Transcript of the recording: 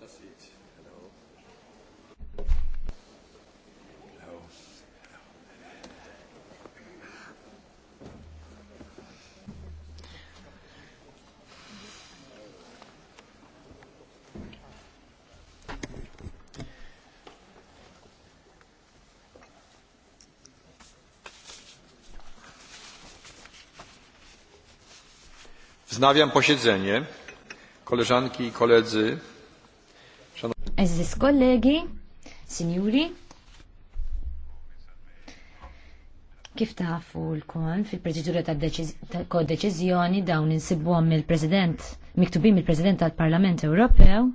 Just eat. Wznawiam posiedzenie. Koleżanki i koledzy. Eżis kollegi, sinjuri, kif tafu l-kon fil-proċedura ta' kodeċizjoni dawn insibbuhom mill-President, Miktubim mill-President tal-Parlament Ewropew